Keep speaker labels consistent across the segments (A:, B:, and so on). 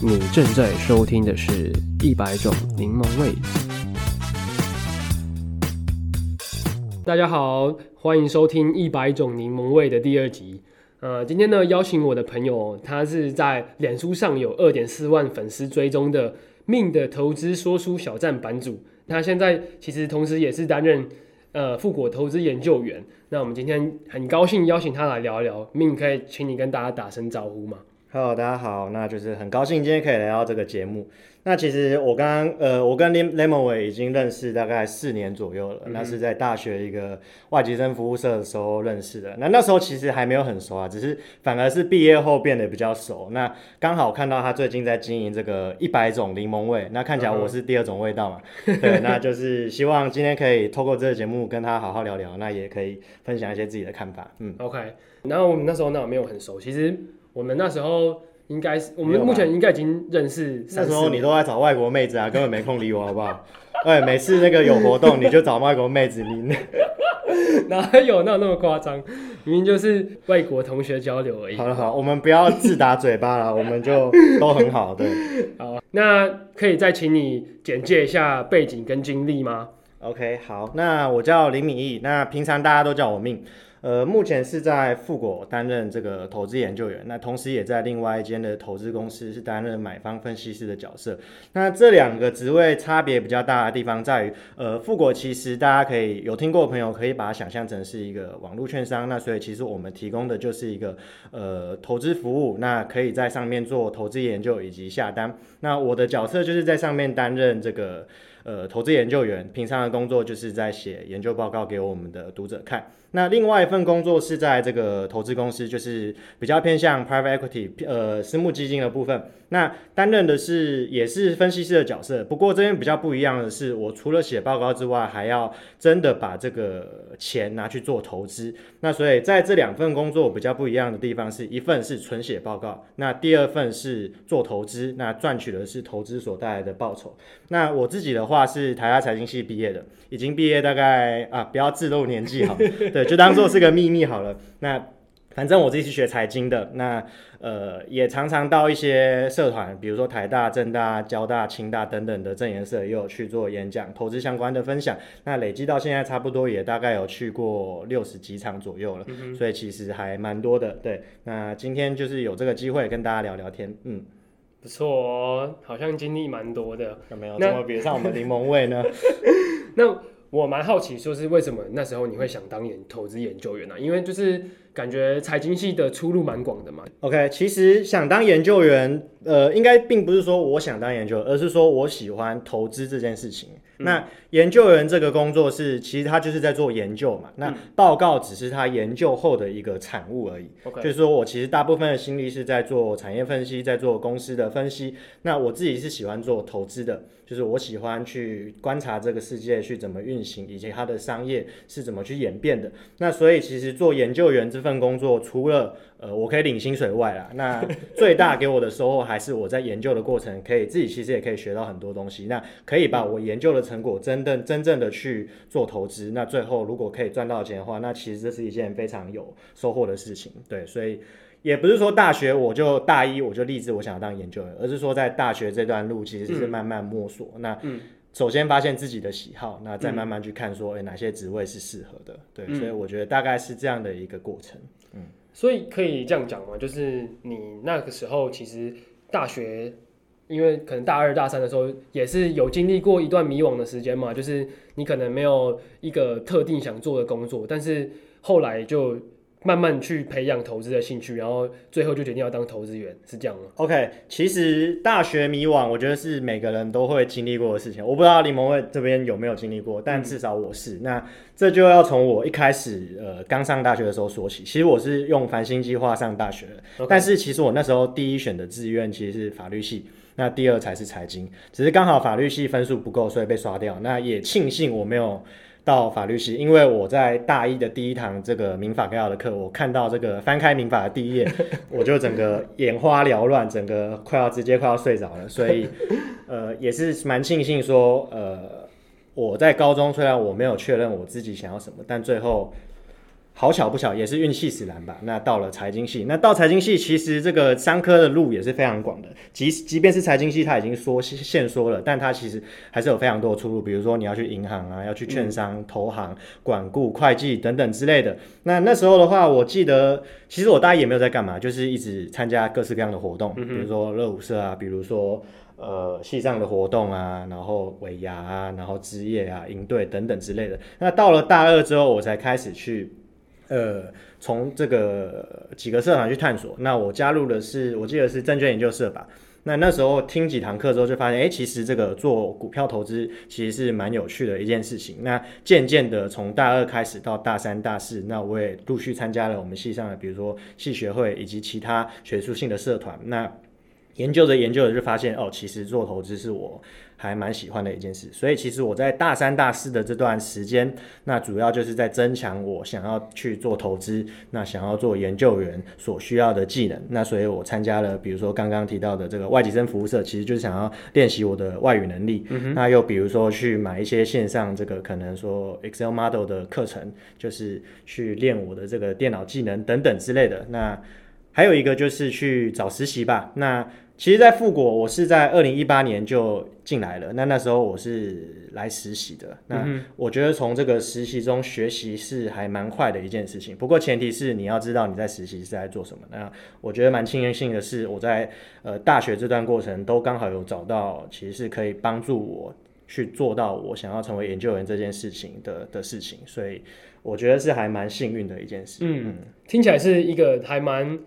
A: 你正在收聽的是一百種檸檬味。大家好，歡迎收聽《一百種檸檬味》的第二集。呃，今天呢，邀請我的朋友，他是在臉書上有二點四萬粉絲追蹤的 Min 的投資說書小棧版主。他現在其實同時也是擔任呃富果投資研究員。那我們今天很高興邀請他來聊一聊 Min，可以請你跟大家打聲招呼嗎？
B: Hello，大家好，那就是很高興今天可以來到這個節目。那其實我剛剛呃，我跟 Lemon Lemonway 已經認識大概四年左右了，嗯、哼那是在大學一個外籍生服務社的時候認識的。那那時候其實還沒有很熟啊，只是反而是畢業後變得比較熟。那剛好看到他最近在經營這個一百種檸檬味，那看起來我是第二種味道嘛。嗯、哼對，那就是希望今天可以透過這個節目跟他好好聊聊，那也可以分享一些自己的看法。嗯，OK。
A: 然後我們那時候那沒有很熟，其實。我們那時候應該是，我們目前應該已經認識三四了啊。那時候你都在
B: 找外國妹子啊，根本沒空理我，好不
A: 好？
B: 哎，每次那個有活動， 你就找外國妹子，你
A: 哪有那有那麼誇張？明明就是外國同學交流而已。好了好了，我們不要自打嘴巴了， 我們就都很好，對。好啊，那可以再請你簡介一下背景跟經歷嗎？
B: OK，好，那我叫林敏毅，那平常大家都叫我 Min，呃，目前是在富果擔任這個投資研究員，那同時也在另外一間的投資公司是擔任買方分析師的角色。那這兩個職位差別比較大的地方在於，呃，富果其實大家可以有聽過的朋友可以把它想象成是一個網絡券商，那所以其實我們提供的就是一個呃投資服務，那可以在上面做投資研究以及下單。那我的角色就是在上面擔任這個。呃，投資研究員平常的工作就是在寫研究報告給我們的讀者看。那另外一份工作是在這個投資公司，就是比較偏向 private equity，呃，私募基金的部分。那擔任的是也是分析師的角色，不過這邊比較不一樣的是，我除了寫報告之外，還要真的把這個錢拿去做投資。那所以在這兩份工作比較不一樣的地方是，一份是純寫報告，那第二份是做投資，那賺取的是投資所帶來的報酬。那我自己的話是台大財金系畢業的，已經畢業大概啊，不要自露年紀哈。 對，就當做是個秘密好了。那反正我自己是學財經的，那呃，也常常到一些社團，比如說台大、政大、交大、清大等等的證研社，也有去做演講、投資相關的分享。那累積到現在，差不多也大概有去過六十幾場左右了，嗯、哼所以其實還蠻多的。對，那今天就是有這個機會跟大家聊聊天，
A: 嗯，不錯哦，好像經歷蠻多的，有沒有？怎麼比得那 上我們檸檬味呢？ 那。我蠻好奇，就是為什麼那時候你會想當研投資研究員呢、啊？因為就是。感覺財經系的出路蠻廣的嘛。
B: OK，其實想當研究員，呃，應該並不是說我想當研究員，而是說我喜歡投資這件事情。嗯、那研究員這個工作是，其實他就是在做研究嘛。那報告只是他研究後的一個產物而已。嗯、就是說我其實大部分的心力是在做產業分析，在做公司的分析。那我自己是喜歡做投資的，就是我喜歡去觀察這個世界去怎麼運行，以及它的商業是怎麼去演變的。那所以其實做研究員這份工作除了呃，我可以領薪水外啦，那最大給我的收穫還是我在研究的過程，可以 自己其實也可以學到很多東西。那可以把我研究的成果真正、真正的去做投資，那最後如果可以賺到錢的話，那其實這是一件非常有收穫的事情。對，所以也不是說大學我就大一我就立志我想要當研究員，而是說在大學這段路其實是慢慢摸索。那嗯。那嗯首先發現自己的喜好，那再慢慢去看說，哎、嗯欸，哪些職位是適合的？對，嗯、所以我覺得大概是這樣的
A: 一個過程。嗯，所以可以這樣講嘛，就是你那個時候其實大學，因為可能大二、大三的時候也是有經歷過一段迷惘的時間嘛，就是你可能沒有一個特定想做的工作，但是後來就。慢慢去培養投資的興趣，然後最後就決定要當投資員，是這樣嗎？OK，
B: 其實大學迷惘，我覺得是每個人都會經歷過的事情。我不知道檸檬會這邊有沒有經歷過，但至少我是。嗯、那這就要從我一開始呃剛上大學的時候說起。其實我是用繁星計劃上大學的 Okay. 但是其實我那時候第一選的志願其實是法律系，那第二才是財經。只是剛好法律系分數不夠，所以被刷掉。那也慶幸我沒有。到法律系。因為我在大一的第一堂這個民法概要的課，我看到這個翻開民法的第一頁，我就整個眼花繚亂，整個快要直接快要睡着了。所以，呃，也是蠻慶幸說，呃，我在高中雖然我沒有確認我自己想要什麼，但最後。好巧不巧，也是運氣使然吧。那到了財經系，那到財經系，其實這個商科的路也是非常廣的。即即便是財經系，它已經說限縮了，但它其實還是有非常多的出路。比如說你要去銀行啊，要去券商、投行、管顧、會計等等之類的。那那時候的話，我記得其實我大一也沒有在幹嘛，就是一直參加各式各樣的活動，嗯、哼比如說熱舞社啊，比如說呃系上的活動啊，然後尾牙啊，然後職業啊、營隊等等之類的。那到了大二之後，我才開始去。呃，從這個幾個社團去探索。那我加入的是，我記得是證券研究社吧。那那時候聽幾堂課之後，就發現，哎、欸，其實這個做股票投資其實是蠻有趣的一件事情。那漸漸的，從大二開始到大三、大四，那我也陸續參加了我們系上的，比如說系學會以及其他學術性的社團。那研究着研究着就發現哦，其實做投資是我還蠻喜歡的一件事。所以其實我在大三、大四的這段時間，那主要就是在增強我想要去做投資、那想要做研究員所需要的技能。那所以，我參加了比如說剛剛提到的這個外籍生服務社，其實就是想要練習我的外語能力。嗯哼。那又比如說去買一些線上這個可能說 Excel model 的課程，就是去練我的這個電腦技能等等之類的。那還有一個就是去找實習吧。那其實，在富果，我是在二零一八年就進來了。那那時候我是來實習的。那我覺得從這個實習中學習是還蠻快的一件事情。不過前提是你要知道你在實習是在做什麼。那我覺得蠻慶幸的是，我在呃大學這段過程都剛好有找到，其實是可以幫助我去做到我想要成為研究員這件事情的的事情。所以我覺得是還蠻幸運的一件事。
A: 嗯，嗯，聽起來是一個還蠻。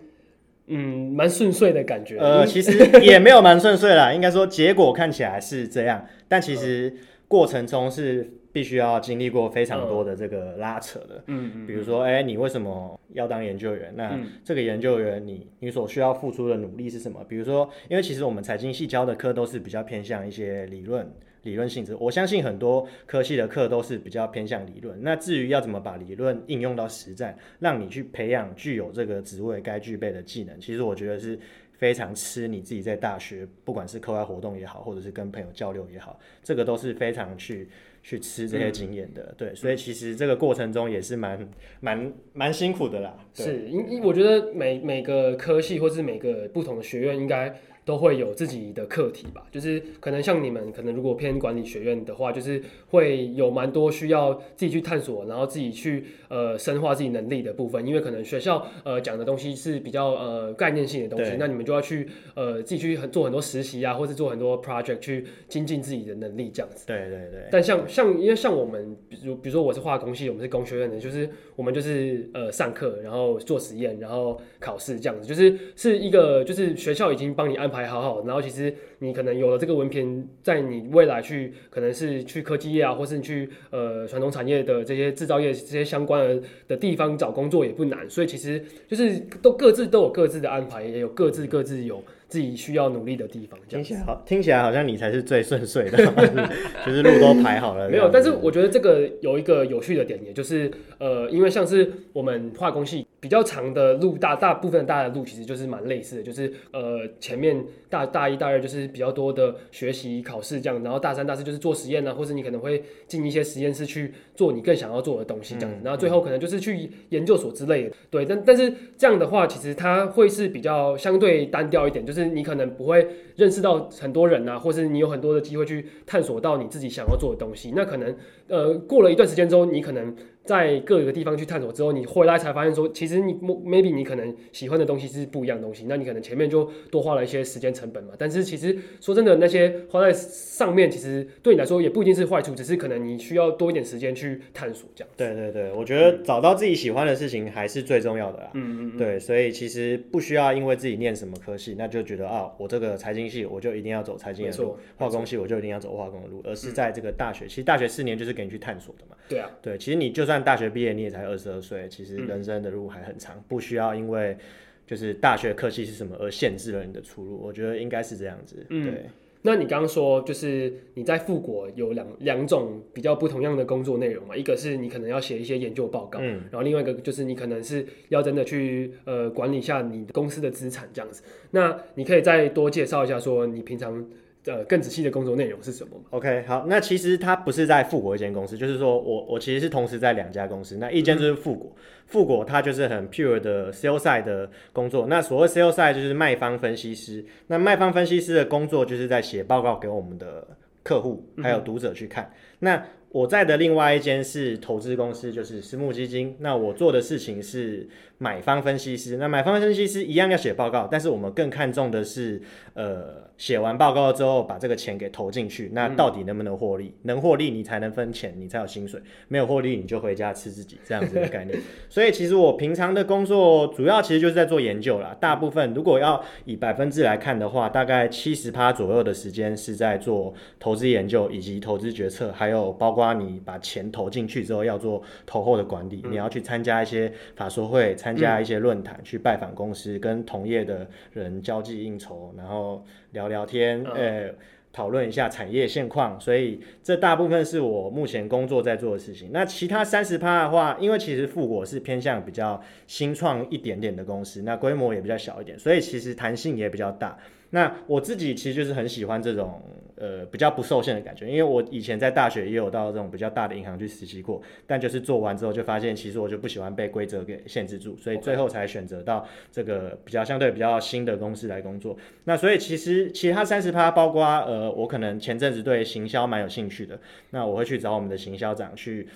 A: 嗯，蠻順遂的感覺。呃，嗯、其實也沒
B: 有蠻順遂啦， 應該說結果看起來是這樣，但其實過程中是。必須要經歷過非常多的這個拉扯的，嗯，比如說，哎、欸，你為什麼要當研究員？那這個研究員你，你你所需要付出的努力是什麼？比如說，因為其實我們財經系教的課都是比較偏向一些理論，理論性質。我相信很多科系的課都是比較偏向理論。那至於要怎麼把理論應用到實戰，讓你去培養具有這個職位該具備的技能，其實我覺得是非常吃你自己在大學，不管是課外活動也好，或者是跟朋友交流也好，這個都是非常去。去吃這些經驗的，嗯、對，所以其實這個過程中也是蠻蠻蠻辛苦
A: 的啦。是，因因我覺得每每個科系或是每個不同的學院應該。都會有自己的課題吧，就是可能像你們，可能如果偏管理學院的話，就是會有蠻多需要自己去探索，然後自己去呃深化自己能力的部分，因為可能學校呃講的東西是比較呃概念性的東西，對那你們就要去呃自己去很做很多實習啊，或是做很多 project 去精進自己的能力這樣子。對對對。但像像因為像我們，比如比如說我是化工系，我們是工學院的，就是我們就是呃上課，然後做實驗，然後考試這樣子，就是是一個就是學校已經幫你安。牌好好，然後其實，你可能有了這個文憑，在你未來去可能是去科技業啊，或是去呃傳統產業的這些製造業這些相關的的地方找工作也不難，所以其實就是都各自都有各自的安排，也有各自各自有自己需要努力的地方這樣。聽起來好，聽起來好像你才是最順遂的， 就是路都排好了。沒有，但是我覺得這個有一個有趣的點，也就是呃，因為像是我們化工系比較長的路，大大部分的大的路其實就是蠻類似的，就是呃前面大大一大二就是。比較多的學習考試這樣，然後大三大四就是做實驗啊，或是你可能會進一些實驗室去做你更想要做的東西這樣，然後最後可能就是去研究所之類的。對，但但是這樣的話，其實它會是比較相對單調一點，就是你可能不會認識到很多人啊，或是你有很多的機會去探索到你自己想要做的東西。那可能呃，過了一段時間之後，你可能。在各個地方去探索之後，你回來才發現說，其實你 maybe 你可能喜歡的東西是不一樣的東西，那你可能前面就多花了一些時間成本嘛。但是其實說真的，那些花在上面，其實對你來說也不一定是壞處，只是可能你需要多一點時間去探索這樣。對對對，
B: 我覺得找到自己喜歡的事情還是最重要的啦。嗯嗯嗯。對，所以其實不需要因為自己念什麼科系，那就覺得啊，我這個財經系我就一定要走財經的路，沒錯，化工系我就一定要走化工的路，而是在這個大學，嗯、其實大學四年就是給你去探索的嘛。對啊。對，其實你就算。但大學畢業你也才二十二歲，其實人生的路還很長，嗯、不需要因為就是大學科系是什麼而限制了你的出路。我覺得應
A: 該是這樣子。對。嗯、那你剛剛說，就是你在富果有兩兩種比較不同樣的工作內容嘛？一個是你可能要寫一些研究報告，嗯、然後另外一個就是你可能是要真的去呃管理一下你公司的資產這樣子。那你可以再多介紹一下，說你平常。呃，更仔細的工作內容是什麼？OK，好，那其實它不是在
B: 富果一間公司，就是說我我其實是同時在兩家公司，那一間就是富果，富果它就是很 pure 的 sales side 的工作，那所謂 sales side 就是賣方分析師，那賣方分析師的工作就是在寫報告給我們的客戶還有讀者去看，嗯、那我在的另外一間是投資公司，就是私募基金，那我做的事情是。買方分析師，那買方分析師一樣要寫報告，但是我們更看重的是，呃，寫完報告之後把這個錢給投進去，那到底能不能獲利？嗯、能獲利你才能分錢，你才有薪水；沒有獲利你就回家吃自己這樣子的概念。 所以其實我平常的工作主要其實就是在做研究啦。大部分如果要以百分制來看的話，大概七十趴左右的時間是在做投資研究以及投資決策，還有包括你把錢投進去之後要做投後的管理，嗯、你要去參加一些法說會參。參加一些論壇，嗯、去拜訪公司，跟同業的人交際應酬，然後聊聊天，嗯、呃，討論一下產業現況。所以這大部分是我目前工作在做的事情。那其他三十趴的話，因為其實富果是偏向比較新創一點點的公司，那規模也比較小一點，所以其實彈性也比較大。那我自己其實就是很喜歡這種，呃，比較不受限的感覺，因為我以前在大學也有到這種比較大的銀行去實習過，但就是做完之後就發現，其實我就不喜歡被規則給限制住，所以最後才選擇到這個比較相對比較新的公司來工作。Okay. 那所以其實其他三十趴，包括呃，我可能前陣子對行銷蠻有興趣的，那我會去找我們的行銷長去。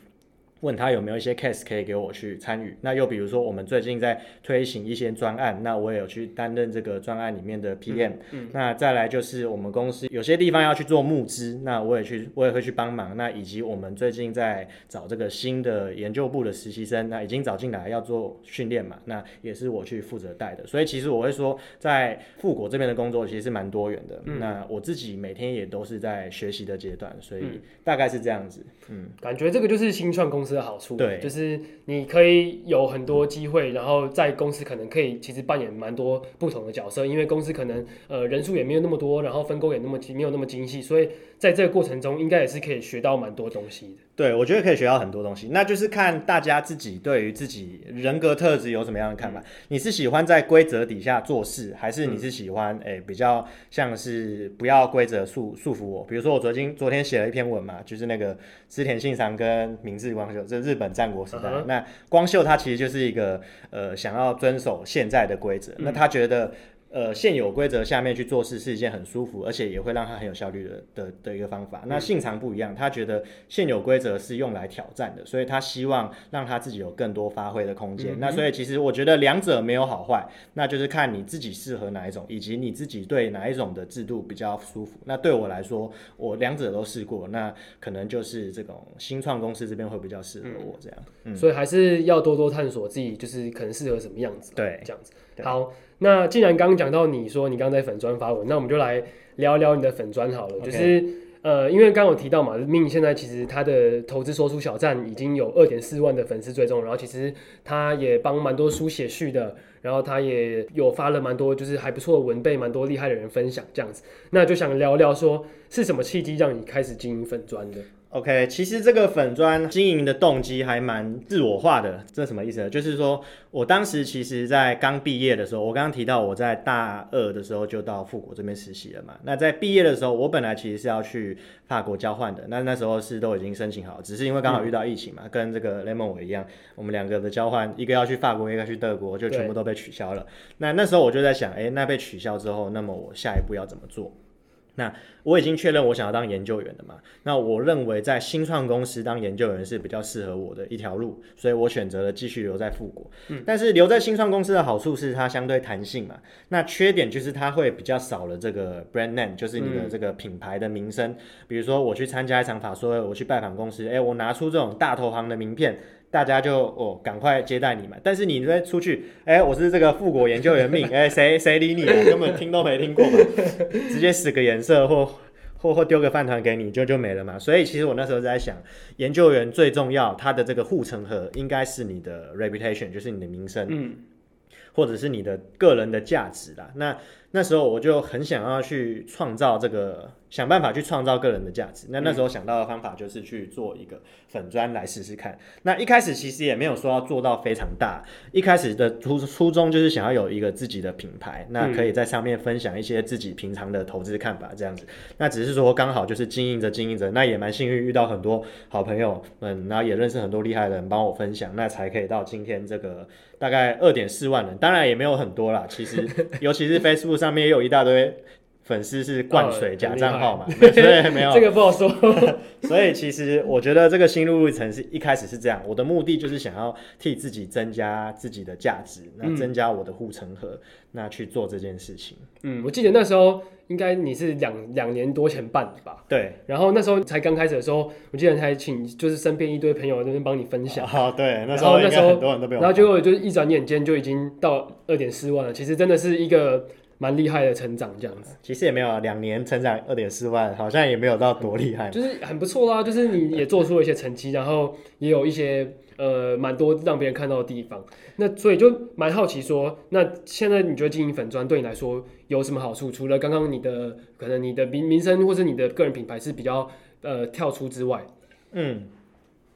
B: 問他有沒有一些 case 可以給我去參與。那又比如說，我們最近在推行一些專案，那我也有去擔任這個專案裡面的 PM。嗯。嗯。那再來就是我們公司有些地方要去做募資，那我也去，我也會去幫忙。那以及我們最近在找這個新的研究部的實習生，那已經找進來要做訓練嘛，那也是我去負責帶的。所以其實我會說，在富果這邊的工作其實是蠻
A: 多元的。嗯。那我自己每天也都是在學習的階段，所以大概是這樣子。嗯。嗯。感覺這個就是新創公司的好處，對，就是你可以有很多機會，然後在公司可能可以其實扮演蠻多不同的角色，因為公司可能呃人數也沒有那麼多，然後分工也那麼精，沒有那麼精細，所以在這個過程中應該也是可以學到蠻多東西的。
B: 對，我覺得可以學到很多東西。那就是看大家自己對於自己人格特質有什麼樣的看法。嗯、你是喜歡在規則底下做事，還是你是喜歡、嗯、誒比較像是不要規則束束縛我？比如說我昨天昨天寫了一篇文嘛，就是那個織田信長跟明智光秀，這日本戰國時代。嗯、那光秀他其實就是一個呃想要遵守現在的規則，那他覺得。呃，現有規則下面去做事是一件很舒服，而且也會讓他很有效率的的的一個方法。嗯、那信長不一樣，他覺得現有規則是用來挑戰的，所以他希望讓他自己有更多發揮的空間。嗯、哼那所以其實我覺得兩者沒有好壞，那就是看你自己適合哪一種，以及你自己對哪一種的制度比較舒服。那對我來說，我兩者都試過，那可能就是這
A: 種新創公司這邊會比較適合我這樣。嗯，嗯所以還是要多多探索自己，就是可能適合什麼樣子、啊。對，這樣子。對好，那既然剛剛講到你說你剛在粉磚發文，那我們就來聊聊你的粉磚好了。Okay. 就是呃，因為剛剛我提到嘛，命現在其實他的投資說書小站已經有二點四萬的粉絲追蹤，然後其實他也幫蠻多書寫序的，然後他也有發了蠻多就是還不錯的文，被蠻多厲害的人分享這樣子，那就想聊聊說是什麼契機讓你開始經營粉磚的。OK，其
B: 實這個粉專經營的動機還蠻自我化的，這什麼意思呢？就是說我當時其實在剛畢業的時候，我剛剛提到我在大二的時候就到富果這邊實習了嘛。那在畢業的時候，我本來其實是要去法國交換的。那那時候是都已經申請好，只是因為剛好遇到疫情嘛，嗯、跟這個 Lemonway 一樣，我們兩個的交換，一個要去法國，一個要去德國，就全部都被取消了。對那那時候我就在想，哎，那被取消之後，那麼我下一步要怎麼做？那我已經確認我想要當研究員的嘛，那我認為在新創公司當研究員是比較適合我的一條路，所以我選擇了繼續留在富果。嗯，但是留在新創公司的好處是它相對彈性嘛，那缺點就是它會比較少了這個 brand name，就是你的這個品牌的名聲。嗯，比如說我去參加一場法說會，我去拜訪公司，哎，我拿出這種大投行的名片。大家就哦，趕快接待你嘛。但是你再出去，哎、欸，我是這個富果研究員 Min，哎、欸，誰誰理你，啊？根本聽都沒聽過嘛， 直接使個顏色或，或或或丟個飯糰給你，就就沒了嘛。所以其實我那時候在想，研究員最重要，他的這個護城河應該是你的 reputation，就是你的名聲，嗯、或者是你的個人的價值啦。那那時候我就很想要去創造這個，想辦法去創造個人的價值。那那時候想到的方法就是去做一個粉專來試試看。嗯、那一開始其實也沒有說要做到非常大，一開始的初初衷就是想要有一個自己的品牌，那可以在上面分享一些自己平常的投資看法這樣子。嗯、那只是說剛好就是經營着經營着，那也蠻幸運遇到很多好朋友們、嗯，然後也認識很多厲害的人幫我分享，那才可以到今天這個大概二點四萬人，當然也沒有很多啦。其實 尤其是 Facebook。上面也有一大堆粉絲是灌水假賬號嘛，oh？對，沒有，沒有 這個不好說。 所以其實我覺得這個心路，路程是一開始是這樣，我的目的就是想要替自己增加自己的價
A: 值，那增加我的護城河，嗯，那去做這件事情。嗯，我記得那時候應該你是兩兩年多前辦的吧？對。然後那時候才剛開始的時候，我記得才請就是身邊一堆朋友那邊幫你分享啊。Oh, oh, 對，那時候那時候很多人都然後最後就，就是一轉眼間就已經到二點四萬了。其實真的是一個。蠻厲害的成長這樣子，其實也沒有啊，兩年成長二點四萬，好像也沒有到多厲害、嗯，就是很不錯啦，就是你也做出了一些成績，然後也有一些呃蠻多讓別人看到的地方，那所以就蠻好奇說，那現在你覺得經營粉專對你來說有什麼好處？除了剛剛你的可能你的名名聲或是你的個人品牌是比較呃跳出之外，嗯，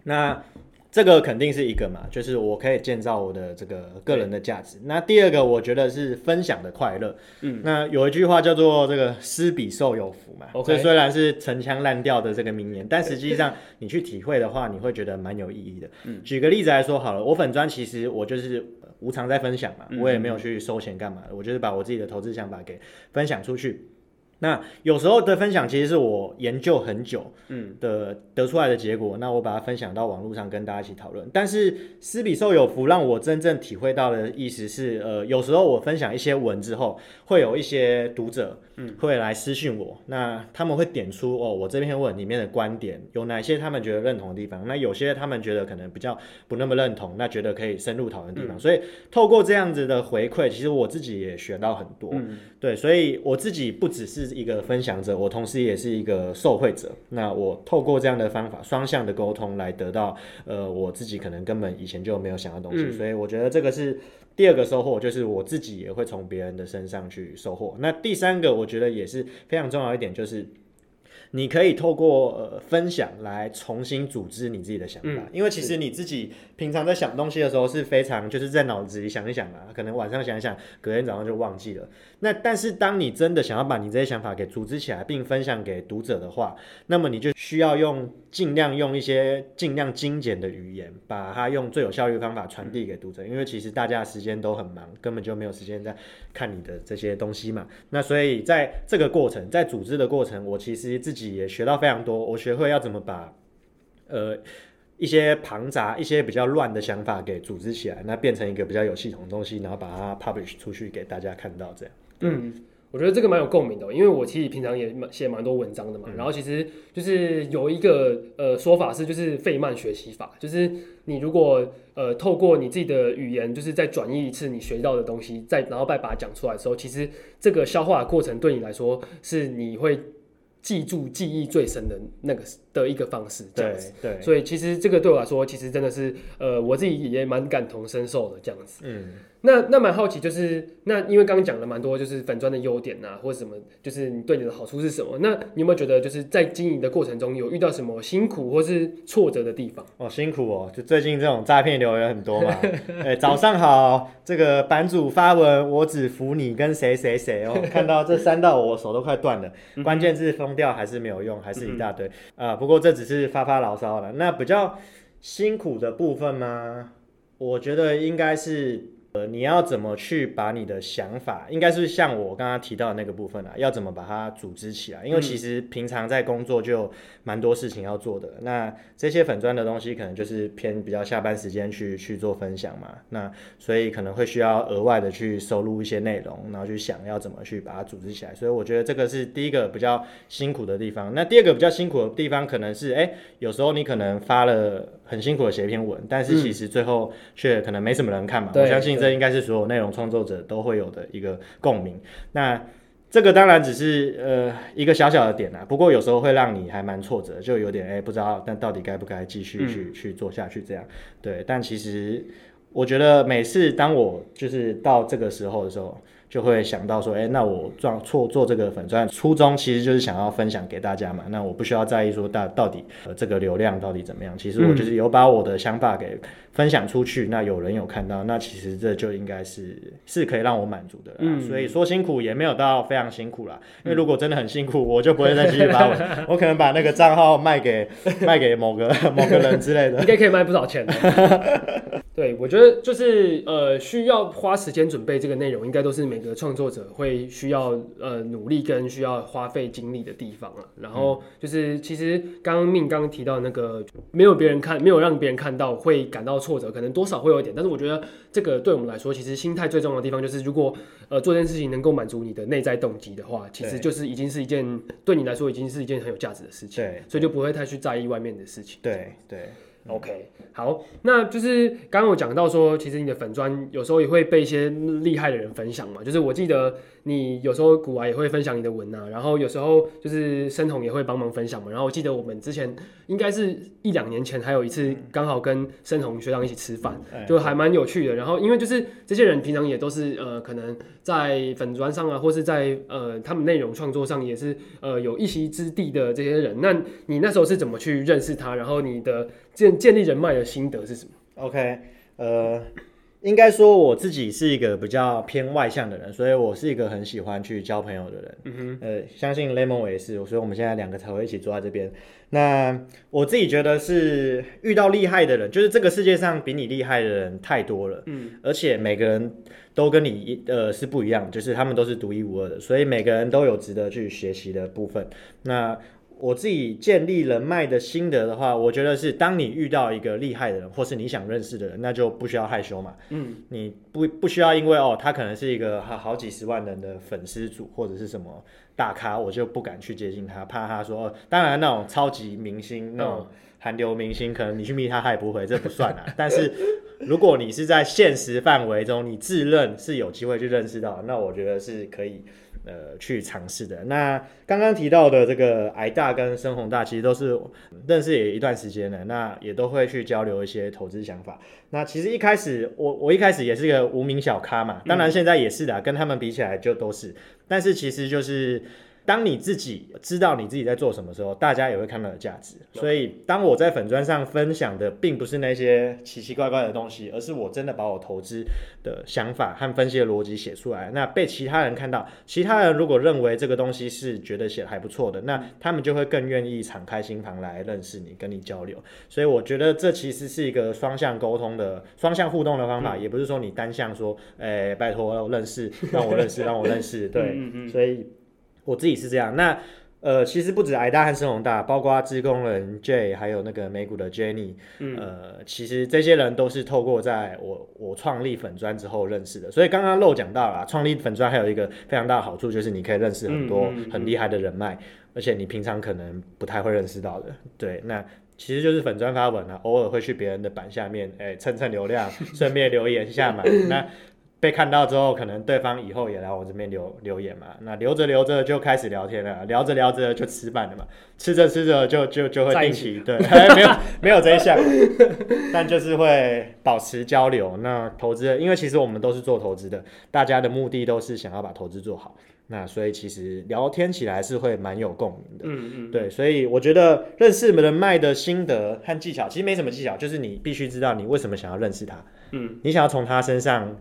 A: 那。這個肯定是一個嘛，就是我可以建造我的這個
B: 個人的價值。對那第二個，我覺得是分享的快樂。嗯，那有一句話叫做這個“施比受有福”嘛。OK，這雖然是陳腔濫調的這個名言，對但實際上你去體會的話，你會覺得蠻有意義的。嗯對，舉個例子來說好了，我粉專，其實我就是無償在分享嘛，嗯、我也沒有去收錢幹嘛，我就是把我自己的投資想法給分享出去。那有時候的分享，其實是我研究很久，嗯的得出來的結果。那我把它分享到網絡上，跟大家一起討論。但是施比受有福，讓我真正體會到的意思是，呃，有時候我分享一些文之後，會有一些讀者。會來私訊我，那他們會點出哦，我這篇文裡面的觀點有哪些他們覺得認同的地方，那有些他們覺得可能比較不那麼認同，那覺得可以深入討論的地方。嗯、所以透過這樣子的回饋，其實我自己也學到很多。嗯、對，所以我自己不只是一個分享者，我同時也是一個受惠者。那我透過這樣的方法，雙向的溝通來得到，呃，我自己可能根本以前就沒有想到的東西。嗯、所以我覺得這個是第二個收穫，就是我自己也會從別人的身上去收穫。那第三個我覺得。我覺得也是非常重要一點，就是，你可以透過呃分享來重新組織你自己的想法，嗯，因為其實你自己平常在想東西的時候是非常就是在腦子裡想一想嘛，可能晚上想一想，隔天早上就忘記了。那但是當你真的想要把你這些想法給組織起來，並分享給讀者的話，那麼你就需要用盡量用一些盡量精簡的語言，把它用最有效率的方法傳遞給讀者，嗯，因為其實大家的時間都很忙，根本就沒有時間在看你的這些東西嘛。那所以在這個過程，在組織的過程，我其實自己。也學到非常多，我學會要怎麼把呃一些龐雜、一些比較亂的想法給組織起來，那變成一個比較有系統的東西，然後把它 publish 出去給大家看到。這樣，
A: 嗯，我覺得這個蠻有共鳴的，因為我其實平常也寫蠻多文章的嘛。嗯、然後其實就是有一個呃說法是，就是費曼學習法，就是你如果呃透過你自己的語言，就是再轉譯一次你學到的東西，再然後再把它講出來的時候，其實這個消化的過程對你來說是你會。記住記憶最深的那個的一個方式，對對，所以其實這個對我來說，其實真的是呃，我自己也蠻感同身受的這樣子。嗯，那那蠻好奇，就是那因為剛剛講了蠻多，就是粉專的優點啊或者什麼，就是你對你的好處是什麼？那你有沒有覺得就是在經營的過程中有遇到什麼辛苦或是挫折的地方？哦，辛苦
B: 哦，就最近這種詐騙留言很多嘛。哎、 欸，早上好，這個版主發文，我只服你跟誰誰誰哦，看到這三道，我手都快斷了， 關鍵是。掉還是沒有用，還是一大堆啊、嗯呃。不過這只是發發牢騷了。那比較辛苦的部分嗎？我覺得應該是。呃，你要怎麼去把你的想法，應該是像我剛剛提到的那個部分啊，要怎麼把它組織起來？因為其實平常在工作就蠻多事情要做的，那這些粉專的東西可能就是偏比較下班時間去去做分享嘛，那所以可能會需要額外的去收錄一些內容，然後去想要怎麼去把它組織起來，所以我覺得這個是第一個比較辛苦的地方。那第二個比較辛苦的地方可能是，誒、欸，有時候你可能發了。很辛苦的寫一篇文，但是其實最後卻可能沒什麼人看嘛。嗯、我相信這應該是所有內容創作者都會有的一個共鳴。那這個當然只是呃一個小小的點啦、啊，不過有時候會讓你還蠻挫折，就有點誒、欸、不知道，但到底該不該繼續去、嗯、去做下去這樣。對，但其實我覺得每次當我就是到這個時候的時候。就會想到說，哎、欸，那我做做這個粉專初衷其實就是想要分享給大家嘛。那我不需要在意說到到底呃這個流量到底怎麼樣，其實我就是有把我的想法給分享出去。那有人有看到，那其實這就應該是是可以讓我滿足的。嗯，所以說辛苦也沒有到非常辛苦啦，因為如果真的很辛苦，我就不會再繼續把我， 我可能把那個賬號賣給賣給某個
A: 某個人之類的，應該可以賣不少錢。 對，我覺得就是呃需要花時間準備這個內容，應該都是沒。一個創作者會需要呃努力跟需要花費精力的地方啊。然後就是其實剛剛 Min 剛剛提到那個沒有別人看，沒有讓別人看到會感到挫折，可能多少會有一點，但是我覺得這個對我們來說，其實心態最重要的地方就是，如果呃做這件事情能夠滿足你的內在動機的話，其實就是已經是一件對，對你來說已經是一件很有價值的事情，對，所以就不會太去在意外面的事情，對對。對 OK，好，那就是剛剛我講到說，其實你的粉專有時候也會被一些厲害的人分享嘛，就是我記得。你有時候股癌也會分享你的文啊，然後有時候就是升鴻也會幫忙分享嘛。然後我記得我們之前應該是一兩年前還有一次，剛好跟升鴻學長一起吃飯，嗯、就還蠻有趣的。然後因為就是這些人平常也都是呃可能在粉專上啊，或是在呃他們內容創作上也是呃有一席之地的這些人。那你那時候是怎麼去認識他？然後你的建建立人脈的心得是什麼？OK，呃。應該說我自
B: 己是一個比較偏外向的人，所以我是一個很喜歡去交朋友的人。嗯哼，呃，相信 Lemon 也是，所以我們現在兩個才會一起坐在這邊。那我自己覺得是遇到厲害的人，嗯、就是這個世界上比你厲害的人太多了。嗯、而且每個人都跟你呃是不一樣，就是他們都是獨一無二的，所以每個人都有值得去學習的部分。那我自己建立人脈的心得的話，我覺得是當你遇到一個厲害的人，或是你想認識的人，那就不需要害羞嘛。嗯，你不不需要因為哦，他可能是一個好好幾十萬人的粉絲組或者是什麼大咖，我就不敢去接近他，怕他說。哦、當然，那種超級明星、嗯、那種韓流明星，可能你去密他，他也不回，這不算啊。 但是如果你是在現實範圍中，你自認是有機會去認識到，那我覺得是可以。呃，去嘗試的。那剛剛提到的這個癌大跟升鴻大，其實都是認識也一段時間了，那也都會去交流一些投資想法。那其實一開始，我我一開始也是個無名小咖嘛，當然現在也是的，嗯、跟他們比起來就都是。但是其實就是。當你自己知道你自己在做什麼的時候，大家也會看到有價值。Okay. 所以，當我在粉專上分享的，並不是那些奇奇怪怪的東西，而是我真的把我投資的想法和分析的邏輯寫出來。那被其他人看到，其他人如果認為這個東西是覺得寫得還不錯的，那他們就會更願意敞開心房來認識你，跟你交流。所以，我覺得這其實是一個雙向溝通的、雙向互動的方法，嗯、也不是說你單向說，誒、欸，拜託認識，讓我認識，讓我認識。 對，嗯嗯嗯所以。我自己是這樣，那呃，其實不止癌大和升鴻大，包括資工人 J 還有那個美股的 Jenny，、嗯、呃，其實這些人都是透過在我我創立粉專之後認識的。所以剛剛漏講到了，創立粉專還有一個非常大的好處，就是你可以認識很多很厲害的人脈，嗯嗯嗯而且你平常可能不太會認識到的。對，那其實就是粉專發文啊，偶爾會去別人的板下面、欸，蹭蹭流量，順便留言一下嘛。 那。被看到之後，可能對方以後也來我這邊留留言嘛，那留着留着就開始聊天了，聊着聊着就吃飯了嘛。吃着吃着就就就會在一起，對，沒有沒有這一項， 但就是會保持交流。那投資，因為其實我們都是做投資的，大家的目的都是想要把投資做好。那所以其實聊天起來是會蠻有共鳴的，嗯嗯，嗯對，所以我覺得認識人脈的，的心得和技巧，其實沒什麼技巧，就是你必須知道你為什麼想要認識他，嗯，你想要從他身上。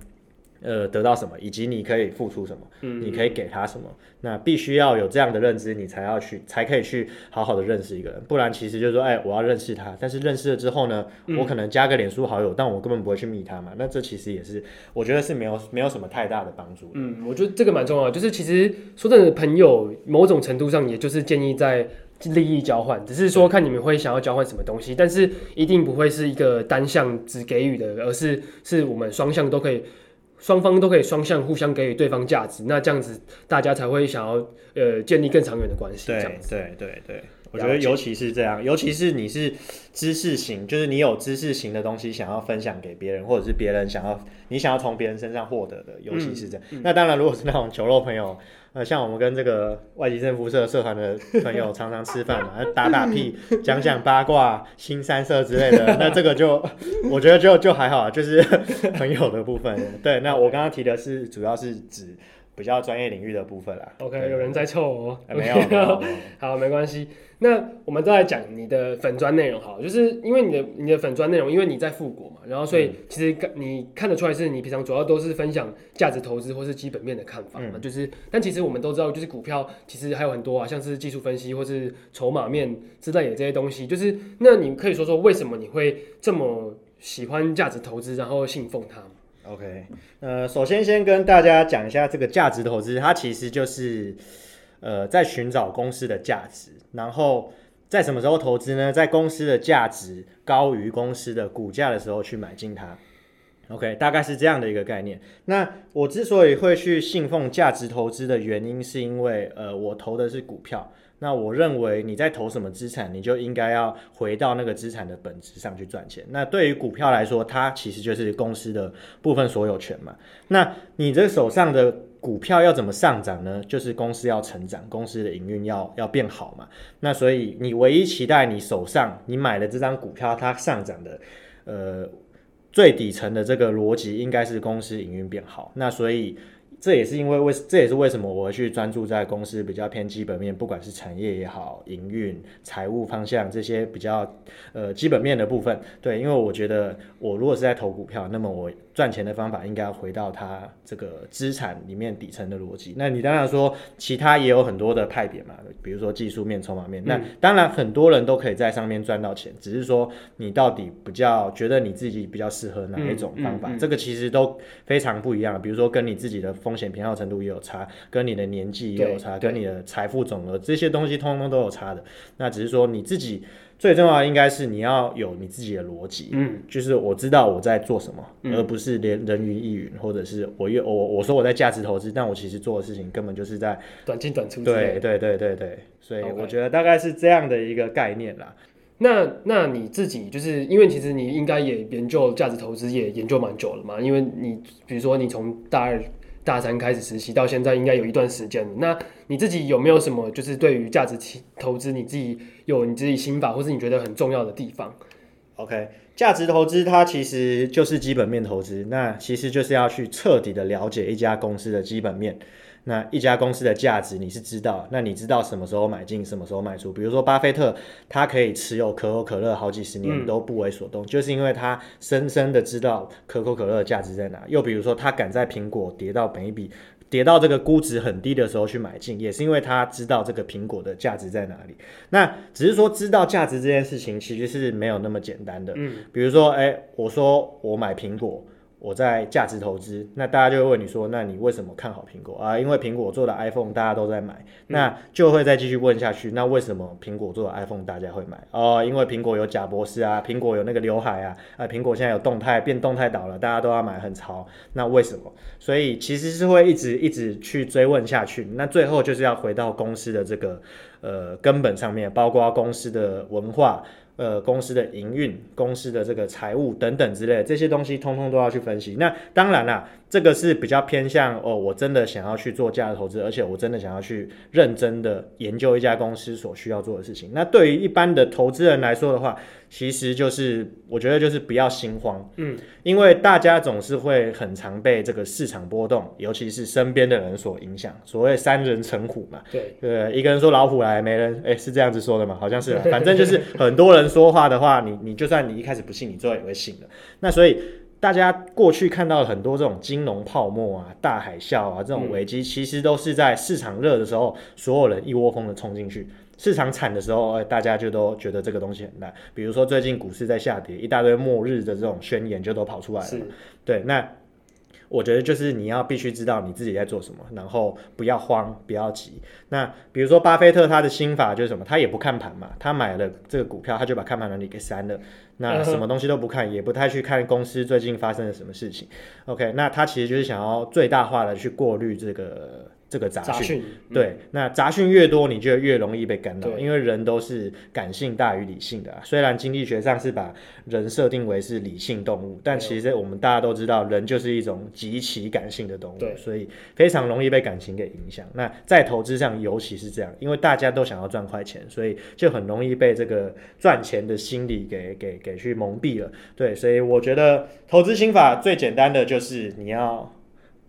B: 呃，得到什麼，以及你可以付出什麼，嗯哼，你可以給他什麼，那必須要有這樣的認知，你才要去，才可以去好好的認識一個人。不然，其實就是說，哎、欸，我要認識他，但是認識了之後呢，嗯、我可能加個臉書好友，但我根本不會去密他嘛。那這其實也是，我覺得是
A: 沒有沒有什麼太大的幫助的。嗯，我覺得這個蠻重要，就是其實說真的，朋友某種程度上也就是建立在利益交換，只是說看你們會想要交換什麼東西，對但是一定不會是一個單向只給予的，而是是我們雙向都可以。雙方都可以雙向互相給予對方價值，那這樣子大家才會想要呃建立更長遠的關係對。這樣子，對對對，我覺得尤
B: 其是這樣，尤其是你是知識型，嗯、就是你有知識型的東西想要分享給別人，或者是別人想要你想要從別人身上獲得的，尤其是這樣。嗯嗯、那當然，如果是那種酒肉朋友。呃，像我們跟這個外籍政府社社團的朋友常常吃飯嘛， 打打屁，講講八卦、新三社之類的， 那這個就我覺得就就還好，就是朋友的部分。 對，那
A: 我剛剛提的是，主要是指。比較專業領域的部分啦。OK，有人在湊哦、喔。Okay, 欸、沒有， 好還沒有。好，沒關係。那我們再來講你的粉專內容。好了，就是因為你的你的粉專內容，因為你在富果嘛，然後所以其實你看得出來是你平常主要都是分享價值投資或是基本面的看法嘛。嗯、就是，但其實我們都知道，就是股票其實還有很多啊，像是技術分析或是籌碼面之類的這些東西。就是，那你可以說說為什麼你會這麼喜歡價值投資，然後信奉它嗎？OK，
B: 呃，首先先跟大家講一下這個價值投資，它其實就是，呃，在尋找公司的價值，然後在什麼時候投資呢？在公司的價值高於公司的股價的時候去買進它。OK，大概是這樣的一個概念。那我之所以會去信奉價值投資的原因是因為呃，我投的是股票。那我認為，你在投什麼資產，你就應該要回到那個資產的本質上去賺錢。那對於股票來說，它其實就是公司的部分所有權嘛。那你這手上的股票要怎麼上漲呢？就是公司要成長，公司的營運要要變好嘛。那所以你唯一期待你手上你買的這張股票它上漲的，呃，最底層的這個邏輯應該是公司營運變好。那所以。這也是因為為，這也是為什麼我會去專注在公司比較偏基本面，不管是產業也好、營運、財務方向這些比較呃基本面的部分。對，因為我覺得我如果是在投股票，那麼我。賺錢的方法應該要回到它這個資產裡面底層的邏輯。那你當然說，其他也有很多的派別嘛，比如說技術面、籌碼面。嗯、那當然很多人都可以在上面賺到錢，只是說你到底比較覺得你自己比較適合哪一種方法，嗯嗯嗯、這個其實都非常不一樣。比如說跟你自己的風險偏好程度也有差，跟你的年紀也有差，對跟你的財富總額這些東西通通都有差的。那只是說你自己。最重要的應該是你要有你自己的邏輯，嗯，就是我知道我在做什麼，嗯，而不是連人云亦云，或者是我又我我，我說我在價值投資，但我其實做的事情根本就是在短進短出的。對對對
A: 對對，所以我覺得大概是這樣的一個概念啦。Okay. 那那你自己就是因為其實你應該也研究價值投資也研究蠻久了嘛，因為你比如說你從大二。大三開始實習到現在，應該有一段時間了。那你自己有沒有什麼就是對於價值投資，你自己有你自己心法，或是你覺得很重要的地方？OK，
B: 價值投資它其實就是基本面投資，那其實就是要去徹底的了解一家公司的基本面。那一家公司的價值你是知道，那你知道什麼時候買進，什麼時候賣出。比如說巴菲特，他可以持有可口可樂好幾十年、嗯、都不為所動，就是因為他深深的知道可口可樂的價值在哪裡。又比如說他敢在蘋果跌到本益比跌到這個估值很低的時候去買進，也是因為他知道這個蘋果的價值在哪裡。那只是說知道價值這件事情其實是沒有那麼簡單的。嗯，比如說，哎、欸，我說我買蘋果。我在價值投資，那大家就會問你說，那你為什麼看好蘋果啊、呃？因為蘋果做的 iPhone 大家都在買，嗯、那就會再繼續問下去，那為什麼蘋果做的 iPhone 大家會買哦、呃？因為蘋果有賈伯斯啊，蘋果有那個劉海啊，啊、呃，蘋果現在有動態變動態島了，大家都要買很潮。那為什麼？所以其實是會一直一直去追問下去，那最後就是要回到公司的這個呃根本上面，包括公司的文化。呃，公司的營運、公司的這個財務等等之類，這些東西通通都要去分析。那當然啦、啊。這個是比較偏向哦，我真的想要去做價值投資，而且我真的想要去認真的研究一家公司所需要做的事情。那對於一般的投資人來說的話，其實就是我覺得就是不要心慌，嗯，因為大家總是會很常被這個市場波動，尤其是身邊的人所影響。所謂三人成虎嘛，對，呃，一個人說老虎來，沒人，誒，是這樣子說的嘛？好像是啊，反正就是很多人說話的話， 你你就算你一開始不信，你最後也會信的。那所以。大家過去看到很多這種金融泡沫啊、大海嘯啊這種危機，其實都是在市場熱的時候，所有人一窩蜂的衝進去；市場慘的時候，欸，大家就都覺得這個東西很爛。比如說最近股市在下跌，一大堆末日的這種宣言就都跑出來了。是對，那。我覺得就是你要必須知道你自己在做什麼，然後不要慌，不要急。那比如說巴菲特他的心法就是什麼？他也不看盤嘛，他買了這個股票，他就把看盤能力給刪了。那什麼東西都不看，uh huh. 也不太去看公司最近發生了什麼事情。OK，那他其實就是想要最大化的去過濾這個。這個雜訊，雜訊對，那雜訊越多，你就越容易被干擾，嗯、因為人都是感性大於理性的、啊。雖然經濟學上是把人設定為是理性動物，但其實我們大家都知道，人就是一種極其感性的動物，對所以非常容易被感情給影響。那在投資上，尤其是這樣，因為大家都想要賺快錢，所以就很容易被這個賺錢的心理給給給去蒙蔽了。對，所以我覺得投資心法最簡單的就是你要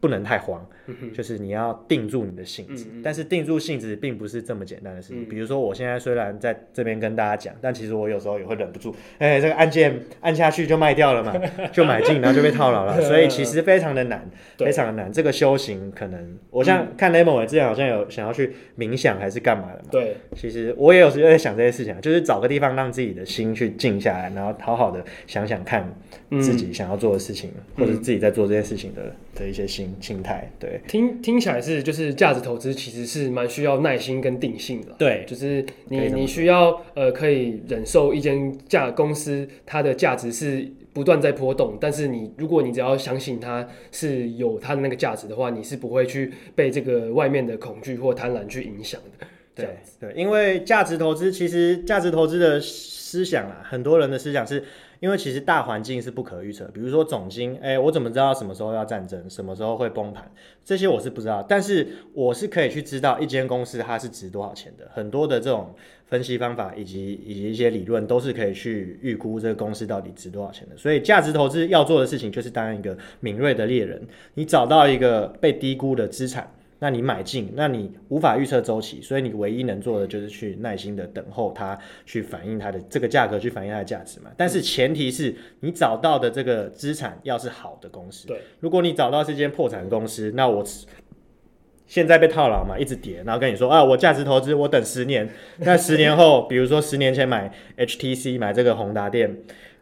B: 不能太慌。就是你要定住你的性子，嗯嗯，但是定住性子並不是這麼簡單的事情。嗯、比如說，我現在雖然在這邊跟大家講，嗯、但其實我有時候也會忍不住，哎、欸，這個按鍵按下去就賣掉了嘛， 就買進，然後就被套牢了。嗯、所以其實非常的難，嗯、非常的難。對這個修行可能，我像看 Lemonway 之前好像有想要去冥想還是幹嘛的嘛？對，其實我也有時候在想這些事情，就是找個地方讓自己的心去靜下來，然後好好的想想看自己想要做的事情，嗯、或者自己在做這些事情的的一些心心態，
A: 對。聽聽起來是就是價值投資，其實是蠻需要耐心跟定性的。對，就是你以你需要呃可以忍受一間價公司它的價值是不斷在波動，但是你如果你只要相信它是有它的那個價值的話，你是不會去被這個外面的恐懼或貪婪去影響的。
B: 對對，
A: 因為價值投資其實價值投資的思想啊，很多人的思想是。
B: 因為其實大環境是不可預測，比如說總經，誒，我怎麼知道什麼時候要戰爭，什麼時候會崩盤，這些我是不知道。但是我是可以去知道一間公司它是值多少錢的，很多的這種分析方法以及以及一些理論都是可以去預估這個公司到底值多少錢的。所以價值投資要做的事情就是當一個敏銳的獵人，你找到一個被低估的資產。那你買進，那你無法預測週期，所以你唯一能做的就是去耐心的等候它去反映它的這個價格，去反映它的價值嘛。但是前提是你找到的這個資產要是好的公司。對，如果你找到這間破產公司，那我現在被套牢嘛，一直跌，然後跟你說啊，我價值投資，我等十年。那十年後，比如說十年前買 HTC，買這個宏達電。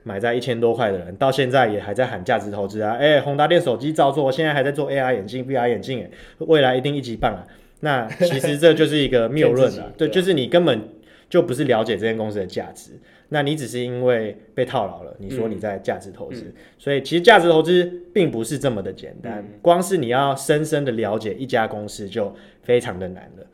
B: 買在一千多塊的人到現在也還在喊價值投資啊！哎、欸，宏達電手機照做，現在還在做 AR 眼鏡、VR 眼鏡，哎，未來一定一級棒啊！那其實這就是一個謬論了， 啊對，啊、對，就是你根本就不是了解這間公司的價值，那你只是因為被套牢了，你說你在價值投資，嗯嗯、所以其實價值投資並不是這麼的簡單，嗯、光是你要深深的了解一家公司就非常的難了，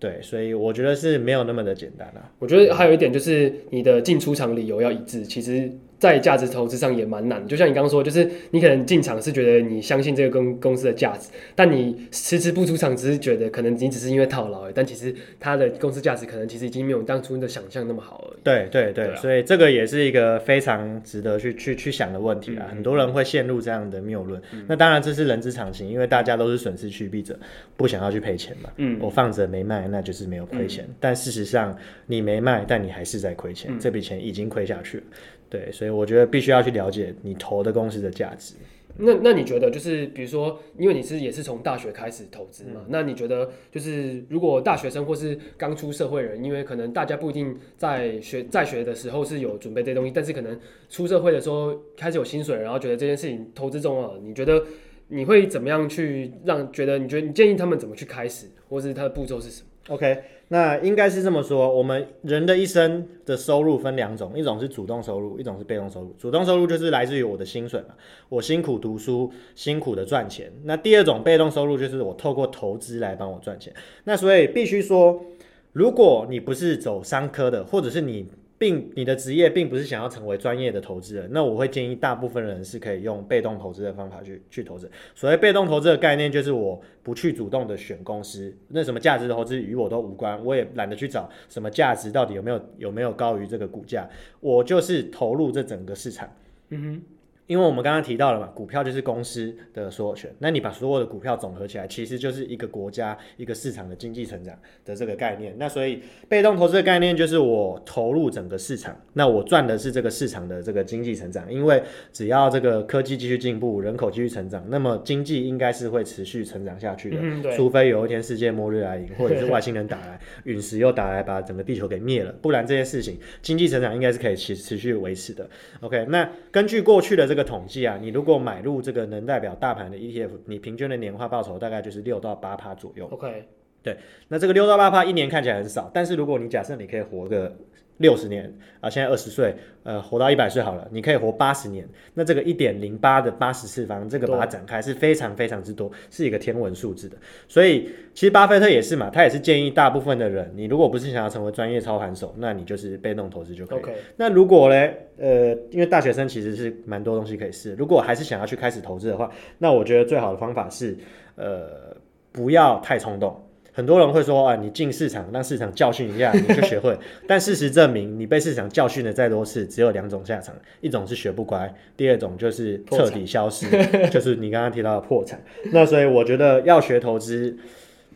B: 對，所以我覺
A: 得是沒有那麼的簡單啊。我覺得還有一點就是你的進出場理由要一致，其實。在價值投資上也蠻難，就像你剛剛說，就是你可能進場是覺得你相信這個公公司的價值，但你遲遲不出場，只是覺得可能你只是因為套牢而已。但其實它的公司價值可能其實已經沒有當初的想象那麼好
B: 而已。對對對，對啊、所以這個也是一個非常值得去去去想的問題啊。嗯嗯，很多人會陷入這樣的謬論。嗯、那當然這是人之常情，因為大家都是損失趨避者，不想要去賠錢嘛。嗯，我放着沒賣，那就是沒有虧錢。嗯、但事實上你沒賣，但你還是在虧錢，嗯、這筆錢已經虧下去了。對，所以我覺得必須要去了解你投的公司的價值。
A: 那那你覺得就是，比如說，因為你是也是從大學開始投資嘛？嗯、那你覺得就是，如果大學生或是剛出社會人，因為可能大家不一定在學在學的時候是有準備這些東西，但是可能出社會的時候開始有薪水，然後覺得這件事情投資重要，你覺得你會怎麼樣去讓覺得你覺得你建議他們怎麼去開始，或是他的步驟是什
B: 麼？OK。那應該是這麼說：我們人的一生的收入分兩種，一種是主動收入，一種是被動收入。主動收入就是來自於我的薪水嘛，我辛苦讀書，辛苦的賺錢。那第二種被動收入就是我透過投資來幫我賺錢。那所以必須說，如果你不是走商科的，或者是你。並，你的職業並不是想要成為專業的投資人，那我會建議大部分人是可以用被動投資的方法去去投資。所謂被動投資的概念，就是我不去主動的選公司，那什麼價值投資與我都無關，我也懶得去找什麼價值到底有沒有、有沒有高於這個股價，我就是投入這整個市場。嗯哼。因為我們剛剛提到了嘛，股票就是公司的所有權。那你把所有的股票總合起來，其實就是一個國家、一個市場的經濟成長的這個概念。那所以被動投資的概念就是我投入整個市場，那我賺的是這個市場的這個經濟成長。因為只要這個科技繼續進步，人口繼續成長，那麼經濟應該是會持續成長下去的。嗯，對。除非有一天世界末日來臨，或者是外星人打來，對隕石又打來，把整個地球給滅了，不然這些事情經濟成長應該是可以持持續維持的。OK，那根據過去的這個。統計啊，你如果買入這個能代表大盤的 ETF，你平均的年化報酬大概就是六到八趴左右。OK，對，那這個六到八趴一年看起來很少，但是如果你假設你可以活個。六十年啊，現在二十歲，呃，活到一百歲好了，你可以活八十年，那這個一點零八的八十次方，這個把它展開是非常非常之多，對是一個天文數字的。所以其實巴菲特也是嘛，他也是建議大部分的人，你如果不是想要成為專業操盤手，那你就是被動投資就可以了。Okay. 那如果呢？呃，因為大學生其實是蠻多東西可以試，如果還是想要去開始投資的話，那我覺得最好的方法是，呃，不要太衝動。很多人會說啊，你進市場，讓市場教訓一下你就學會， 但事實證明你被市場教訓的再多次，只有兩種下場，一種是學不乖，第二種就是徹底消失，破產 就是你剛剛提到的破產。 那所以我覺得要學投資，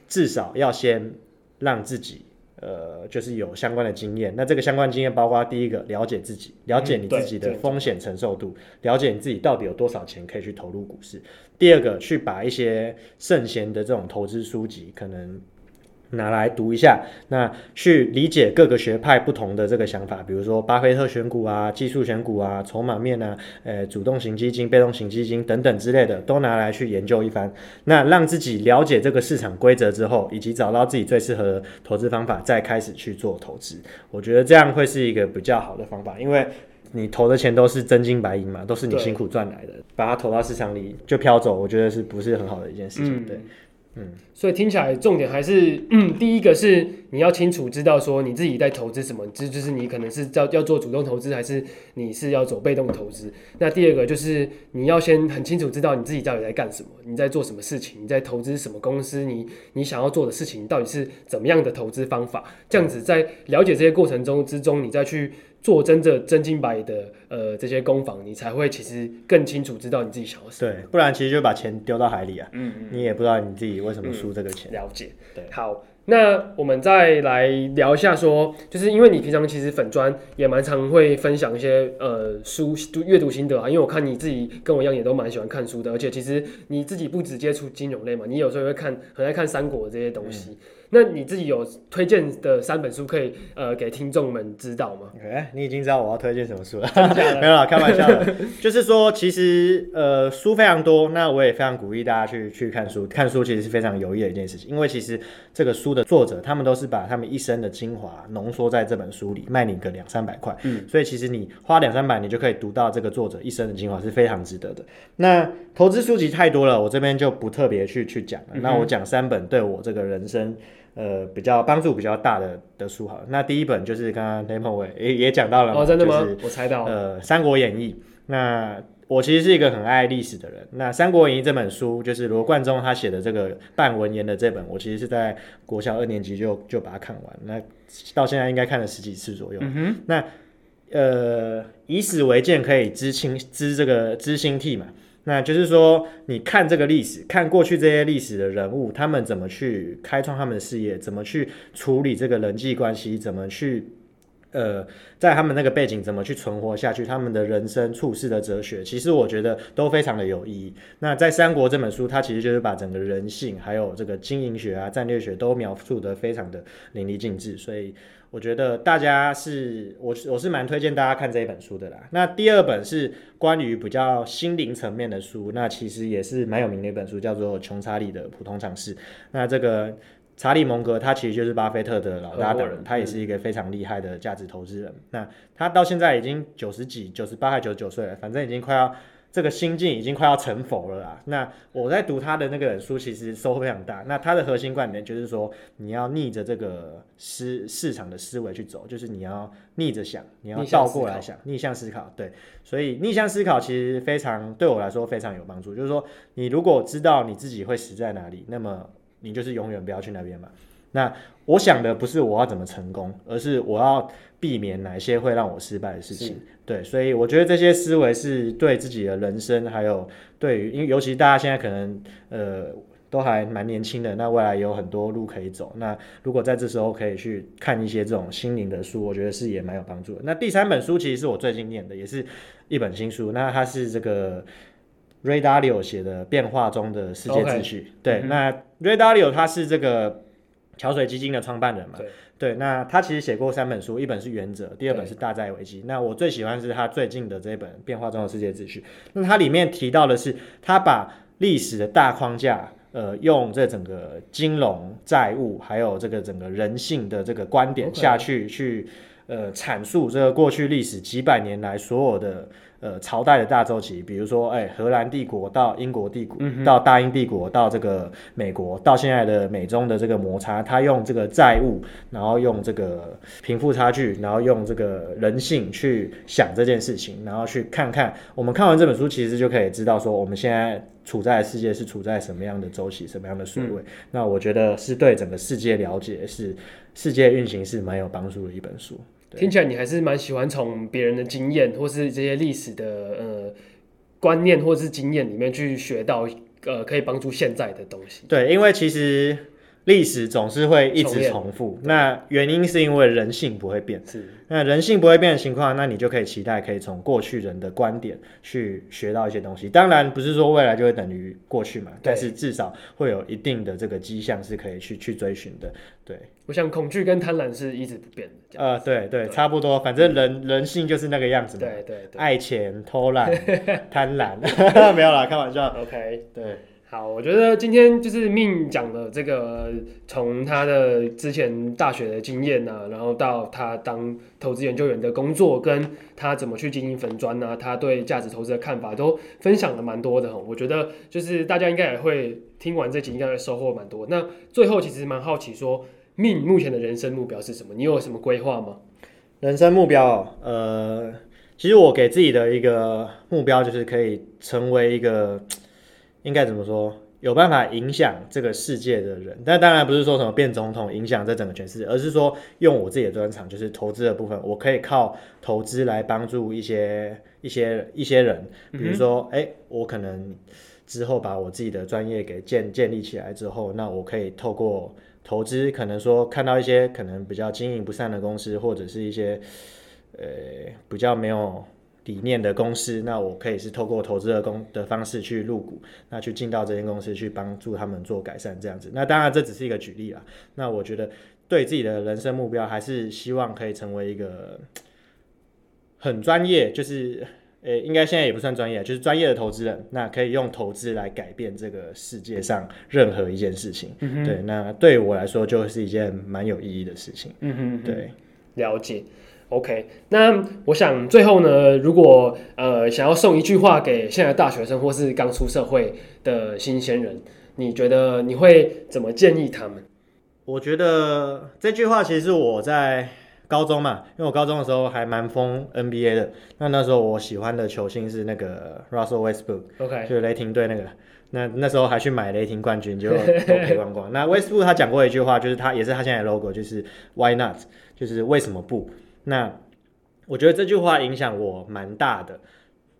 B: 至少要先讓自己呃，就是有相關的經驗。那這個相關經驗包括第一個，了解自己，了解你自己的風險承受度，嗯、對對對對，了解你自己到底有多少錢可以去投入股市。嗯、第二個，去把一些聖賢的這種投資書籍可能，拿來讀一下，那去理解各個學派不同的這個想法，比如說巴菲特選股啊、技術選股啊、籌碼面啊、誒、呃、主動型基金、被動型基金等等之類的，都拿來去研究一番。那讓自己了解這個市場規則之後，以及找到自己最適合的投資方法，再開始去做投資。我覺得這樣會是一個比較好的方法，因為你投的錢都是真金白銀嘛，都是你辛苦賺來的，把它投到市場裡就飄走，我覺得是不是很好
A: 的一件事情？嗯、對。嗯，所以聽起來重點還是，嗯，第一個是你要清楚知道說你自己在投資什麼，這就是你可能是要要做主動投資，還是你是要走被動投資。那第二個就是你要先很清楚知道你自己到底在幹什麼，你在做什麼事情，你在投資什麼公司，你你想要做的事情到底是怎麼樣的投資方法。這樣子在了解這些過程中之中，你再去。做真的真金白銀的，呃，這些工坊，你才會其實更清楚知道你自己想要什麼。對，不然其實就把錢丟到海裡啊，嗯，嗯，你也不知道你自己為什麼輸這個錢。嗯，了解，對。好，那我們再來聊一下說，說就是因為你平常其實粉專也蠻常會分享一些呃書讀閱讀心得啊，因為我看你自己跟我一樣也都蠻喜歡看書的，而且其實你自己不只接觸金融類嘛，你有時候也會看很愛看三國的這些東西。嗯那你自己有推薦的三本書可以呃給聽眾們知道嗎？哎、欸，你已經知道我要推薦什麼書了， 沒有了，
B: 開玩笑的， 就是說其實呃書非常多，那我也非常鼓勵大家去去看書，看書其實是非常有益的一件事情，因為其實這個書的作者他們都是把他們一生的精華濃縮在這本書裡，賣你個兩三百塊，嗯，所以其實你花兩三百你就可以讀到這個作者一生的精華，是非常值得的。那投資書籍太多了，我這邊就不特別去去講了，嗯、哼那我講三本對我這個人生，呃，比較幫助比較大的的書，好，那第一本就是剛剛 Lemonway 也也講到了，哦，就是我猜到了呃《三國演義》。那我其實是一個很愛歷史的人，那《三國演義》這本書就是羅貫中他寫的這個半文言的這本，我其實是在國小二年級就就把它看完，那到現在應該看了十幾次左右。嗯、哼那呃，以史為鑑可以知青知這個知興替嘛。那就是說，你看這個歷史，看過去這些歷史的人物，他們怎麼去開創他們的事業，怎麼去處理這個人際關係，怎麼去呃，在他們那個背景怎麼去存活下去，他們的人生處世的哲學，其實我覺得都非常的有意義。那在《三國》這本書，它其實就是把整個人性，還有這個經營學啊、戰略學，都描述得非常的淋漓盡致，所以。我覺得大家是，我是我是蠻推薦大家看這一本書的啦。那第二本是關於比較心靈層面的書，那其實也是蠻有名的一本書，叫做《窮查理的普通常識》。那這個查理蒙格，他其實就是巴菲特的老搭檔，嗯嗯、他也是一個非常厲害的價值投資人。那他到現在已經九十幾、九十八還九十九歲了，反正已經快要。這個心境已經快要成佛了啦。那我在讀他的那個書，其實收穫非常大。那他的核心觀點就是說，你要逆着這個市市場的思維去走，就是你要逆着想，你要倒過來想，逆向，逆向思考。對，所以逆向思考其實非常對我來說非常有幫助。就是說，你如果知道你自己會死在哪裡，那麼你就是永遠不要去那邊嘛。那我想的不是我要怎麼成功，而是我要。避免哪些會讓我失敗的事情？是對，所以我覺得這些思維是對自己的人生，還有對於，因為尤其大家現在可能呃都還蠻年輕的，那未來也有很多路可以走。那如果在這時候可以去看一些這種心靈的書，我覺得是也蠻有幫助的。那第三本書其實是我最近念的，也是一本新書。那它是這個 Ray Dalio 寫的《變化中的世界秩序》黑。對，嗯、哼那 Ray Dalio 它是這個。橋水基金的創辦人嘛，對,對，那他其實寫過三本書，一本是原則，第二本是大債危機，對那我最喜歡是他最近的這一本《變化中的世界秩序》。嗯、那他裡面提到的是，他把歷史的大框架，呃，用這整個金融債務還有這個整個人性的這個觀點下去 Okay. 去。呃，闡述這個過去歷史幾百年來所有的呃朝代的大周期，比如說哎，荷蘭帝國到英國帝國，嗯、哼到大英帝國，到這個美國，到現在的美中的這個摩擦，他用這個債務，然後用這個貧富差距，然後用這個人性去想這件事情，然後去看看我們看完這本書，其實就可以知道說我們現在處在的世界是處在什麼樣的周期，什麼樣的水位。嗯、那我覺得是對整個世界了解，是世界運行是蠻有幫助的一本書。
A: 聽起來你還是蠻喜歡從別人的經驗，或是這些歷史的呃觀念，或是經驗裡面去學到呃可以幫助現在的東西。對，
B: 因為其實。歷史總是會一直重複，重演。那原因是因為人性不會變。是，那人性不會變的情況，那你就可以期待可以從過去人的觀點去學到一些東西。當然不是說未來就會等於過去嘛，對但是至少會有一定的這個跡象是可以去去追尋的。對，
A: 我想恐懼跟貪婪是一直不變
B: 的。呃，對對，對，對差不多，反正人、嗯、人性就是那個樣子嘛。對對對，愛錢
A: 偷懶貪 貪婪， 沒
B: 有啦，開玩笑。OK，對。
A: 好，我覺得今天就是 Min 講了這個，從他的之前大學的經驗呢，啊，然後到他當投資研究員的工作，跟他怎麼去經營粉專呢？他對價值投資的看法都分享了蠻多的。我覺得就是大家應該也會聽完這集，應該會收穫蠻多。那最後其實蠻好奇說，說 Min 目前的人生目標是什麼？你有什麼規劃嗎？
B: 人生目標，呃，其實我給自己的一個目標就是可以成為一個。應該怎麼說？有辦法影響這個世界的人，但當然不是說什麼變總統影響這整個全世界，而是說用我自己的專長，就是投資的部分，我可以靠投資來幫助一些一些一些人。比如說，哎、欸，我可能之後把我自己的專業給建建立起來之後，那我可以透過投資，可能說看到一些可能比較經營不善的公司，或者是一些呃比較沒有。理念的公司，那我可以是透過投資的公的方式去入股，那去進到這間公司去幫助他們做改善這樣子。那當然這只是一個舉例啦。那我覺得對自己的人生目標，還是希望可以成為一個很專業，就是、欸、應該現在也不算專業，就是專業的投資人。那可以用投資來改變這個世界上
A: 任何一件事情。嗯哼，對，那對我來說就是一件蠻有意義的事情。嗯哼嗯哼，對，了解。OK，那我想最後呢，如果呃想要送一句話給現在大學生或是剛出社會的新鮮人，你覺得你會怎麼建議他們？
B: 我覺得這句話其實是我在高中嘛，因為我高中的時候還蠻瘋 NBA 的。那那時候我喜歡的球星是那個 Russell Westbrook，OK，就是雷霆隊那個。那那時候還去買雷霆冠軍，結果都賠光光。那 Westbrook 他講過一句話，就是他也是他現在的 logo，就是 Why not？就是為什麼不？那我覺得這句話影響我蠻大的，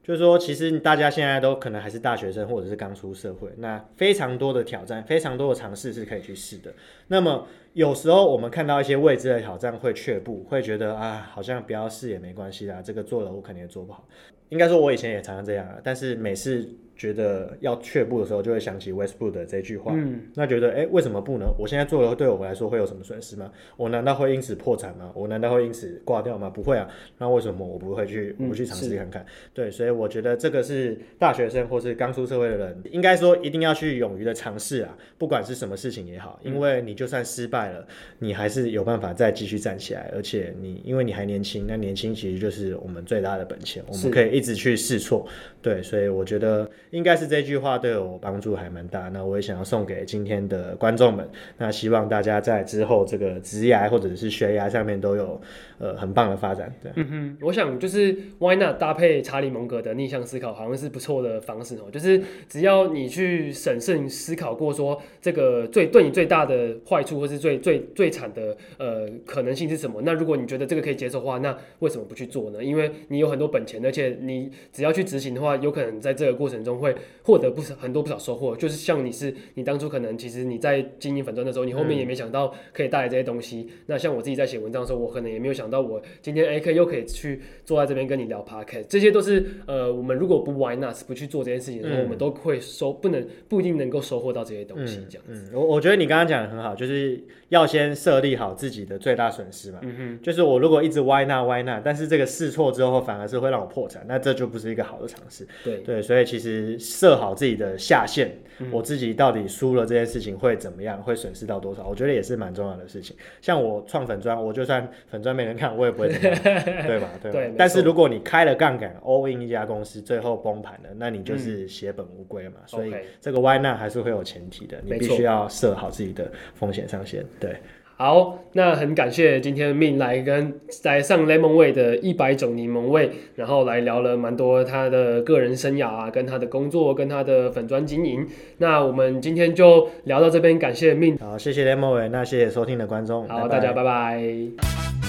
B: 就是說，其實大家現在都可能還是大學生，或者是剛出社會，那非常多的挑戰，非常多的嘗試是可以去試的。那麼。有時候我們看到一些未知的挑戰會卻步，會覺得啊，好像不要試也沒關係啦，這個做了我肯定也做不好。應該說我以前也常常這樣，啊，但是每次覺得要卻步的時候，就會想起 Westwood 的這句話，嗯、那覺得哎、欸，為什麼不呢？我現在做了對我們來說會有什麼損失嗎？我難道會因此破產嗎？我難道會因此掛掉嗎？不會啊，那為什麼我不會去不去嘗試看看？嗯、對，所以我覺得這個是大學生或是剛出社會的人，應該說一定要去勇於的嘗試啊，不管是什麼事情也好，因為你就算失敗。嗯你還是有辦法再繼續站起來，而且你因為你還年輕，那年輕其實就是我們最大的本錢，我們可以一直去試錯，是對，所以我覺得應該是這句話對我幫助還蠻大。那我也想要送給今天的觀眾們，那希望大家在之後這個職涯或者是學涯上面都有呃很棒的發展。對，嗯
A: 哼，我想就是 Why Not 搭配查理蒙格的逆向思考，好像是不錯的方式哦。就是只要你去審慎思考過，說這個最對你最大的壞處或是最最最慘的呃可能性是什麼？那如果你覺得這個可以接受的話，那為什麼不去做呢？因為你有很多本錢，而且你只要去執行的話，有可能在這個過程中會獲得不少很多不少收穫。就是像你是你當初可能其實你在經營粉專的時候，你後面也沒想到可以帶來這些東西。嗯、那像我自己在寫文章的時候，我可能也沒有想到我今天 A K、欸、又可以去坐在這邊跟你聊 Podcast，這些都是呃，我們如果不 Why not 不去做這件事情的時候，嗯、我們都會收不能不一定能夠收穫到這些
B: 東西。這樣子，我、嗯嗯、我覺得你剛剛講的很好，就是。要先設立好自己的最大損失嘛，嗯哼，就是我如果一直歪那歪那，但是這個試錯之後反而是會讓我破產，那這就不是一個好的嘗試。對對，所以其實設好自己的下限。嗯、我自己到底輸了這件事情會怎麼樣？會損失到多少？我覺得也是蠻重要的事情。像我創粉專，我就算粉專沒人看，我也不會怎麼樣，對吧？對。但是如果你開了槓桿，all in 一家公司，最後崩盤了，那你就是血本無歸嘛。嗯、所以這個 why not 還是會有前提
A: 的，嗯、你必須要
B: 設好自己的風險上限。沒錯、對。
A: 好，那很感謝今天 Min 來跟在上 Lemonway 的一百種檸檬味，然後來聊了蠻多他的個人生涯啊，跟他的工作，跟他的粉專經營。那我們今天就聊到這邊，感謝 Min，好，謝謝 Lemonway，那謝謝收聽的觀眾，好，拜拜大家拜拜。